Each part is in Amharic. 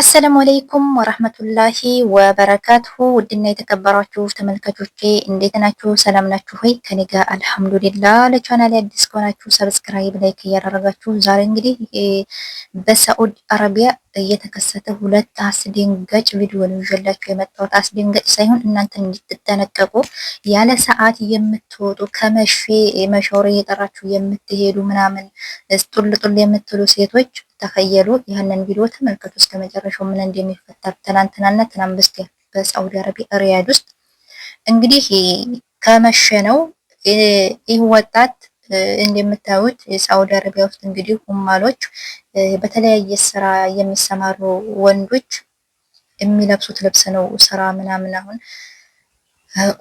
አሰላሙ አለይኩም ወራህመቱላሂ ወበረካቱሁ። ውድና የተከበራችሁ ተመልካቾቼ እንዴት ናችሁ? ሰላም ናችሁ ሆይ? ከኔ ጋር አልሐምዱሊላህ። ለቻናሌ አዲስ ከሆናችሁ ሰብስክራይብ፣ ላይክ እያደረጋችሁ ዛሬ እንግዲህ በሳዑድ አረቢያ የተከሰተ ሁለት አስደንጋጭ ቪዲዮ ነው ይዤላችሁ የመጣሁት። አስደንጋጭ ሳይሆን እናንተ እንድትጠነቀቁ ያለ ሰዓት የምትወጡ ከመሼ መሻወር እየጠራችሁ የምትሄዱ ምናምን ጡል ጡል የምትሉ ሴቶች ተከየሉ። ይህንን ቪዲዮ ተመልከቱ እስከ መጨረሻው ምን እንደሚፈጠር ትናንትናና ትናንት በስቲያ በሳዑዲ አረቢያ ሪያድ ውስጥ እንግዲህ ከመሸ ነው ይህ ወጣት እንደምታዩት ሳውዲ አረቢያ ውስጥ እንግዲህ ኡማሎች በተለያየ ስራ የሚሰማሩ ወንዶች የሚለብሱት ልብስ ነው። ስራ ምናምን አሁን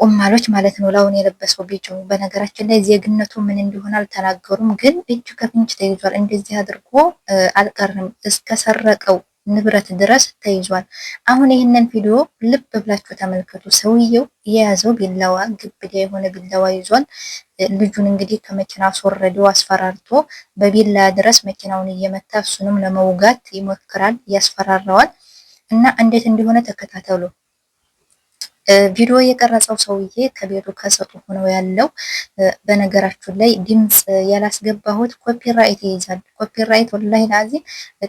ኡማሎች ማለት ነው። ላሁን የለበሰው ቢጩ በነገራችን ላይ ዜግነቱ ምን እንደሆነ አልተናገሩም፣ ግን እጅ ከፍንጭ ተይዟል። እንደዚህ አድርጎ አልቀርም እስከሰረቀው ንብረት ድረስ ተይዟል። አሁን ይህንን ቪዲዮ ልብ ብላችሁ ተመልከቱ። ሰውየው የያዘው ቢላዋ ግብዳ የሆነ ቢላዋ ይዟል። ልጁን እንግዲህ ከመኪና አስወረደው አስፈራርቶ፣ በቢላ ድረስ መኪናውን እየመታ እሱንም ለመውጋት ይሞክራል፣ ያስፈራረዋል። እና እንዴት እንደሆነ ተከታተሉ። ቪዲዮ የቀረጸው ሰውዬ ከቤቱ ከሰጡ ሆነው ያለው። በነገራችሁ ላይ ድምፅ ያላስገባሁት ኮፒራይት ይይዛል። ኮፒራይት ወላሂ ላዚ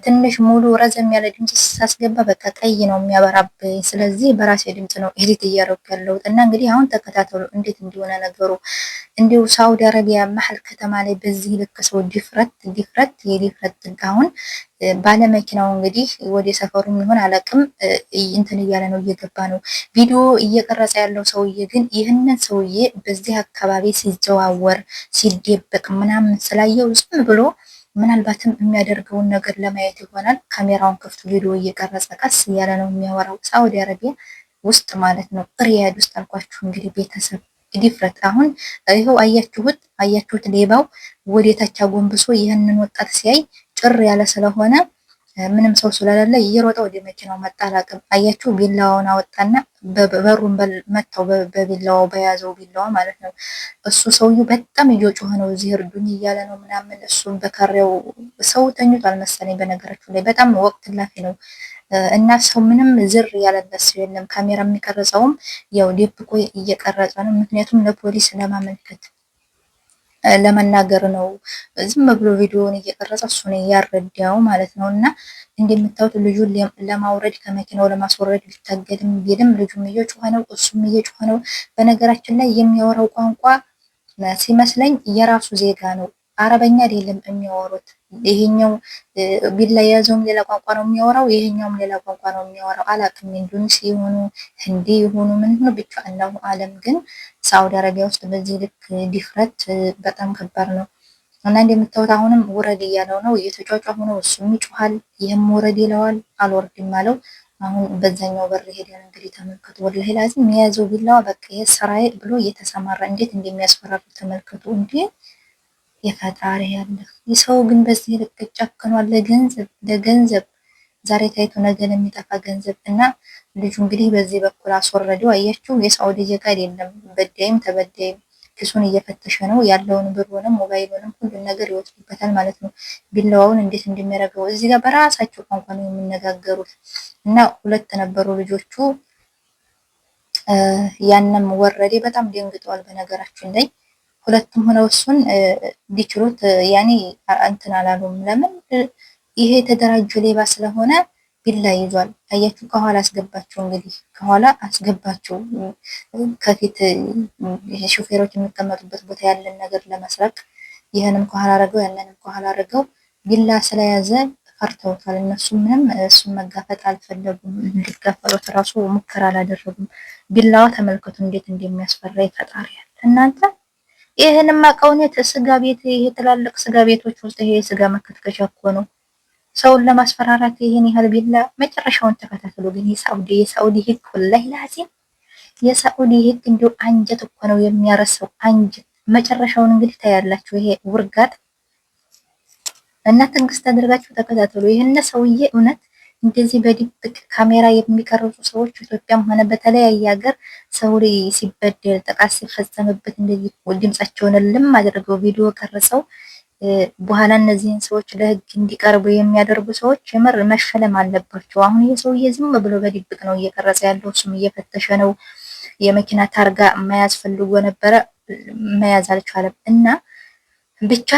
ትንሽ ሙሉ ረዘም ያለ ድምጽ ሳስገባ በቃ ቀይ ነው የሚያበራብኝ። ስለዚህ በራሴ ድምጽ ነው ኤዲት እያደረኩ ያለሁት እና እንግዲህ አሁን ተከታተሉ እንዴት እንዲሆነ ነገሩ። እንዲሁ ሳውዲ አረቢያ መሀል ከተማ ላይ በዚህ ልክ ሰው ድፍረት ዲፍረት የዲፍረት ጥግ ባለመኪናው እንግዲህ ወደ ሰፈሩ የሚሆን አላቅም እንትን እያለ ነው እየገባ ነው። ቪዲዮ እየቀረጸ ያለው ሰውዬ ግን ይህንን ሰውዬ በዚህ አካባቢ ሲዘዋወር ሲደበቅ ምናምን ስላየው ዝም ብሎ ምናልባትም የሚያደርገውን ነገር ለማየት ይሆናል። ካሜራውን ከፍቶ ቪዲዮ እየቀረጸ ቀስ እያለ ነው የሚያወራው። ሳውዲ አረቢያ ውስጥ ማለት ነው፣ ሪያድ ውስጥ አልኳችሁ እንግዲህ ቤተሰብ ዲፍረት አሁን ይኸው አያችሁት፣ አያችሁት ሌባው ወደታች አጎንብሶ ይህንን ወጣት ሲያይ ጭር ያለ ስለሆነ ምንም ሰው ስለሌለ እየሮጠ ወደ መኪናው መጣ። አላቅም አያችሁ፣ ቢላዋውን አወጣና በሩን መታው፣ በቢላዋው በያዘው ቢላዋ ማለት ነው። እሱ ሰውዬው በጣም እየጮኸ ነው፣ እዚህ እርዱኝ እያለ ነው ምናምን። እሱም በካሬው ሰው ተኝቷል መሰለኝ። በነገራችሁ ላይ በጣም ወቅት ላፊ ነው እና ሰው ምንም ዝር ያለበት ሰው የለም። ካሜራ የሚቀረጸውም ያው ደብቆ እየቀረጸ ነው፣ ምክንያቱም ለፖሊስ ለማመልከት ለመናገር ነው ዝም ብሎ ቪዲዮውን እየቀረጸ እሱ ነው ያረዳው ማለት ነው። እና እንደምታዩት ልጁን ለማውረድ ከመኪናው ለማስወረድ ሊታገልም ቢልም ልጁም እየጮኸ ነው፣ እሱም እየጮኸ ነው። በነገራችን ላይ የሚያወራው ቋንቋ ሲመስለኝ የራሱ ዜጋ ነው አረበኛ አይደለም የሚያወሩት። ይሄኛው ቢላ የያዘውም ሌላ ቋንቋ ነው የሚያወራው፣ ይሄኛውም ሌላ ቋንቋ ነው የሚያወራው። አላቅም ኢንዶኒስ ሲሆኑ ህንዲ ይሆኑ ምን ነው ብቻ አላሁ አለም። ግን ሳውዲ አረቢያ ውስጥ በዚህ ልክ ዲፍረት በጣም ከባድ ነው እና እንደምታዩት አሁንም ውረድ እያለው ነው፣ እየተጫጫሁ ነው። እሱም ይጮሃል፣ ይህም ውረድ ይለዋል። አልወርድም አለው። አሁን በዛኛው በር ሄደን እንግዲህ ተመልከቱ። ወላሂ ላዚም የያዘው ቢላዋ በቃ ይሄ ስራዬ ብሎ እየተሰማራ እንዴት እንደሚያስፈራሩ ተመልከቱ እንዴ! የፈጣሪ ያለ የሰው ግን በዚህ ልክ ጨክኗል። ለገንዘብ ለገንዘብ ዛሬ ታይቶ ነገ የሚጠፋ ገንዘብ እና ልጁ እንግዲህ በዚህ በኩል አስወረደው። አያችሁ የሰው ልጅ ጋር የለም በዳይም ተበዳይም ኪሱን እየፈተሸ ነው ያለውን ብሩንም ሞባይሉንም ሁሉን ነገር ይወስድበታል ማለት ነው። ቢላዋውን እንዴት እንደሚያደርገው እዚህ ጋር በራሳቸው ቋንቋ ነው የሚነጋገሩት እና ሁለት ነበሩ ልጆቹ። ያንም ወረዴ በጣም ደንግጠዋል በነገራችን ላይ ሁለቱም ሆነው እሱን ሊችሉት ያኔ እንትን አላሉም። ለምን ይሄ የተደራጁ ሌባ ስለሆነ ቢላ ይዟል። አያችሁ፣ ከኋላ አስገባችሁ። እንግዲህ ከኋላ አስገባችሁ፣ ከፊት ሹፌሮች የሚቀመጡበት ቦታ ያለን ነገር ለመስረቅ ይህንም ከኋላ አድርገው ያለንም ከኋላ አድርገው ቢላ ስለያዘ ፈርተውታል። እነሱ ምንም እሱን መጋፈጥ አልፈለጉም። እንዲጋፈጡት ራሱ ሙከራ አላደረጉም። ቢላዋ ተመልከቱ እንዴት እንደሚያስፈራ ይፈጣሪያል እናንተ ይህን ማቀውን ስጋ ቤት ይሄ ትላልቅ ስጋ ቤቶች ውስጥ ይሄ ስጋ መከትከሻ እኮ ነው። ሰውን ለማስፈራራት ይሄን ያህል ቢላ መጨረሻውን ተከታተሉ። ግን የሳውዲ የሳውዲ ህግ ወላሂ ላዚም የሳውዲ ህግ እንዲሁ አንጀት እኮ ነው የሚያረሰው አንጀት። መጨረሻውን እንግዲህ ታያላችሁ። ይሄ ውርጋት እና ትንግስት አድርጋችሁ ተከታተሉ። ይህን ሰውዬ እውነት እንደዚህ በድብቅ ካሜራ የሚቀርጹ ሰዎች ኢትዮጵያም ሆነ በተለያየ ሀገር ሰው ሲበደል ጥቃት ሲፈጸምበት እንደዚህ ድምጻቸውን እልም አድርገው ቪዲዮ ቀርጸው በኋላ እነዚህን ሰዎች ለህግ እንዲቀርቡ የሚያደርጉ ሰዎች የምር መሸለም አለባቸው። አሁን የሰውዬ ዝም ብሎ በድብቅ ነው እየቀረጸ ያለው፣ እሱም እየፈተሸ ነው። የመኪና ታርጋ መያዝ ፈልጎ ነበረ መያዝ አልቻለም እና ብቻ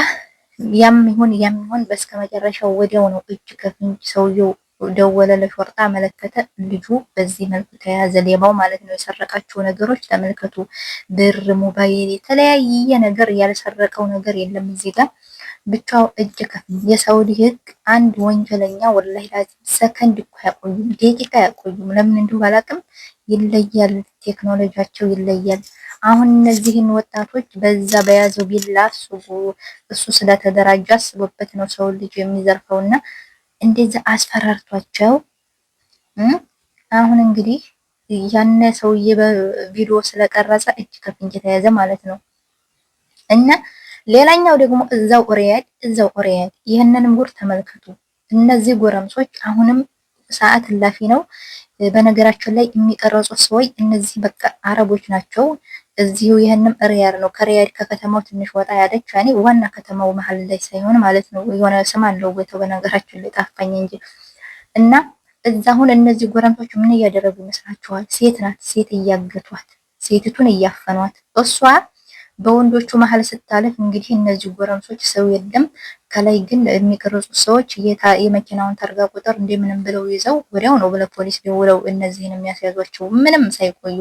ያም ይሁን ያም ይሁን በስከ መጨረሻው ወዲያው ነው እጅ ከፍንጅ ሰውየው ደወለ ለሾርጣ መለከተ። ልጁ በዚህ መልኩ ተያዘ። ሌባው ማለት ነው። የሰረቃቸው ነገሮች ተመልከቱ። ብር፣ ሞባይል፣ የተለያየ ነገር ያልሰረቀው ነገር የለም እዚህ ጋር ብቻው እጅ ከፍ የሳውዲ ህግ አንድ ወንጀለኛ ወላሂ ሰከንድ እኮ አያቆዩም፣ ደቂቃ አያቆዩም። ለምን እንዲሁ ባላቅም ይለያል፣ ቴክኖሎጂያቸው ይለያል። አሁን እነዚህን ወጣቶች በዛ በያዘው ቢላ እሱ ስለተደራጀ አስቦበት ነው ሰው ልጅ የሚዘርፈውና እንደዛ አስፈራርቷቸው አሁን እንግዲህ ያነ ሰውዬ በቪዲዮ ስለቀረጸ እጅ ከፍንጅ የተያዘ ማለት ነው። እና ሌላኛው ደግሞ እዛው ሪያድ እዛው ሪያድ ይህንንም ጉር ተመልከቱ። እነዚህ ጎረምሶች አሁንም ሰዓት እላፊ ነው። በነገራችን ላይ የሚቀረጹ ሰዎች እነዚህ በቃ አረቦች ናቸው። እዚሁ ይህንም ሪያድ ነው። ከሪያድ ከከተማው ትንሽ ወጣ ያለች ያኔ ዋና ከተማው መሀል ላይ ሳይሆን ማለት ነው። የሆነ ስም አለው ቦታው በነገራችን ላይ ጣፋኝ እንጂ እና እዛ አሁን እነዚህ ጎረምቶች ምን እያደረጉ ይመስላችኋል? ሴት ናት። ሴት እያገቷት፣ ሴቲቱን እያፈኗት እሷ በወንዶቹ መሀል ስታለፍ እንግዲህ እነዚህ ጎረምሶች ሰው የለም። ከላይ ግን የሚቀርጹ ሰዎች የመኪናውን ታርጋ ቁጥር እንደምንም ብለው ይዘው ወዲያው ነው ብለ ፖሊስ ደውለው እነዚህን የሚያስያዟቸው ምንም ሳይቆዩ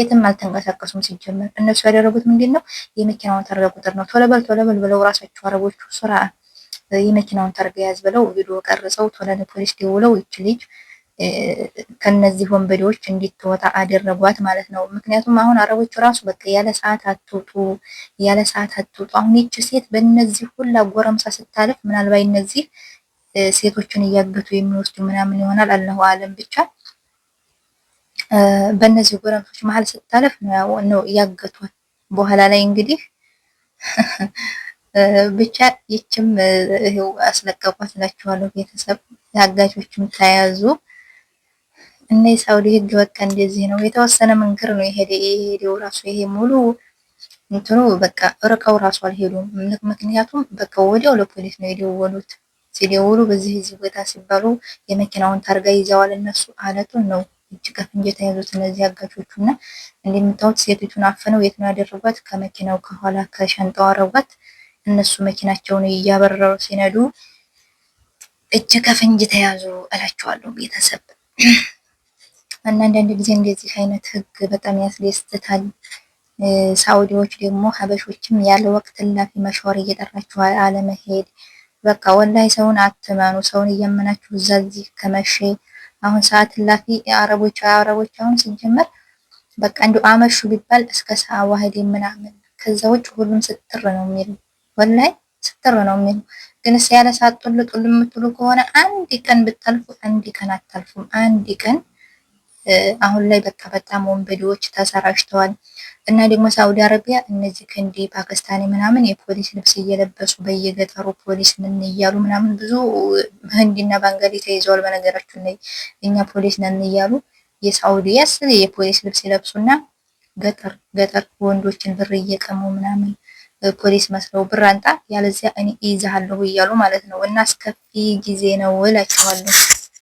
የትም አልተንቀሳቀሱም። ሲጀመር እነሱ ያደረጉት ምንድን ነው? የመኪናውን ታርጋ ቁጥር ነው። ቶለበል ቶለበል ብለው ራሳቸው አረቦቹ ስራ የመኪናውን ታርጋ ያዝ ብለው ቪዲዮ ቀርጸው ቶለ ፖሊስ ደውለው ይች ልጅ ከነዚህ ወንበዴዎች እንዲትወጣ አደረጓት ማለት ነው። ምክንያቱም አሁን አረቦቹ ራሱ በቃ ያለ ሰዓት አትውጡ፣ ያለ ሰዓት አትውጡ። አሁን ይች ሴት በእነዚህ ሁላ ጎረምሳ ስታለፍ ምናልባት እነዚህ ሴቶችን እያገቱ የሚወስዱ ምናምን ይሆናል። አላሁ አለም ብቻ በእነዚህ ጎረምሶች መሀል ስታለፍ ነው ያገቷል። በኋላ ላይ እንግዲህ ብቻ ይችም ይሄው አስለቀቋት እላችኋለሁ። ቤተሰብ ታጋቾችም ተያዙ። እና የሳውዲ ህግ በቃ እንደዚህ ነው። የተወሰነ መንገድ ነው የሄደ የሄደው ራሱ ይሄ ሙሉ እንትኑ በቃ ርቀው ራሱ አልሄዱም። ምክንያቱም በቃ ወዲያው ለፖሊስ ነው የደወሉት። ሲደውሉ በዚህ ህዝብ ቦታ ሲባሉ የመኪናውን ታርጋ ይዘዋል እነሱ አለቱን ነው እጅ ከፍንጅ የተያዙት እነዚህ አጋቾቹ እና እንደምታዩት ሴቶቹን አፍነው የት ነው ያደረጓት? ከመኪናው ከኋላ ከሻንጣው አረጓት። እነሱ መኪናቸውን እያበረሩ ሲነዱ እጅ ከፍንጅ ተያዙ እላቸዋለሁ ቤተሰብ እና አንዳንድ ጊዜ እንደዚህ አይነት ህግ በጣም ያስደስታል። ሳውዲዎች ደግሞ ሀበሾችም ያለ ወቅት እላፊ መሻወር እየጠራችሁ አለመሄድ። በቃ ወላይ ሰውን አትመኑ። ሰውን እያመናችሁ እዛ እዚህ ከመሸ አሁን ሰዓት እላፊ አረቦች አረቦች አሁን ሲጀመር በቃ እንዲ አመሹ ቢባል እስከ ሰዓ ዋህድ ምናምን ከዛ ውጭ ሁሉም ስትር ነው የሚሉ ወላይ ስትር ነው የሚሉ ግን ያለ ሰዓት ጡል ጡል የምትሉ ከሆነ አንድ ቀን ብታልፉ አንድ ቀን አታልፉም። አንድ ቀን አሁን ላይ በቃ በጣም ወንበዴዎች ተሰራጭተዋል እና ደግሞ ሳውዲ አረቢያ እነዚህ ከእንዲ ፓኪስታኒ ምናምን የፖሊስ ልብስ እየለበሱ በየገጠሩ ፖሊስ ምን እያሉ ምናምን ብዙ ህንዲና ባንጋሊ ተይዘዋል። በነገራችን ላይ እኛ ፖሊስ ነን እያሉ የሳውዲያስ የፖሊስ ልብስ ይለብሱና ገጠር ገጠር ወንዶችን ብር እየቀሙ ምናምን ፖሊስ መስለው ብር አንጣ ያለዚያ እኔ እይዝሃለሁ እያሉ ማለት ነው። እና አስከፊ ጊዜ ነው እላችኋለሁ።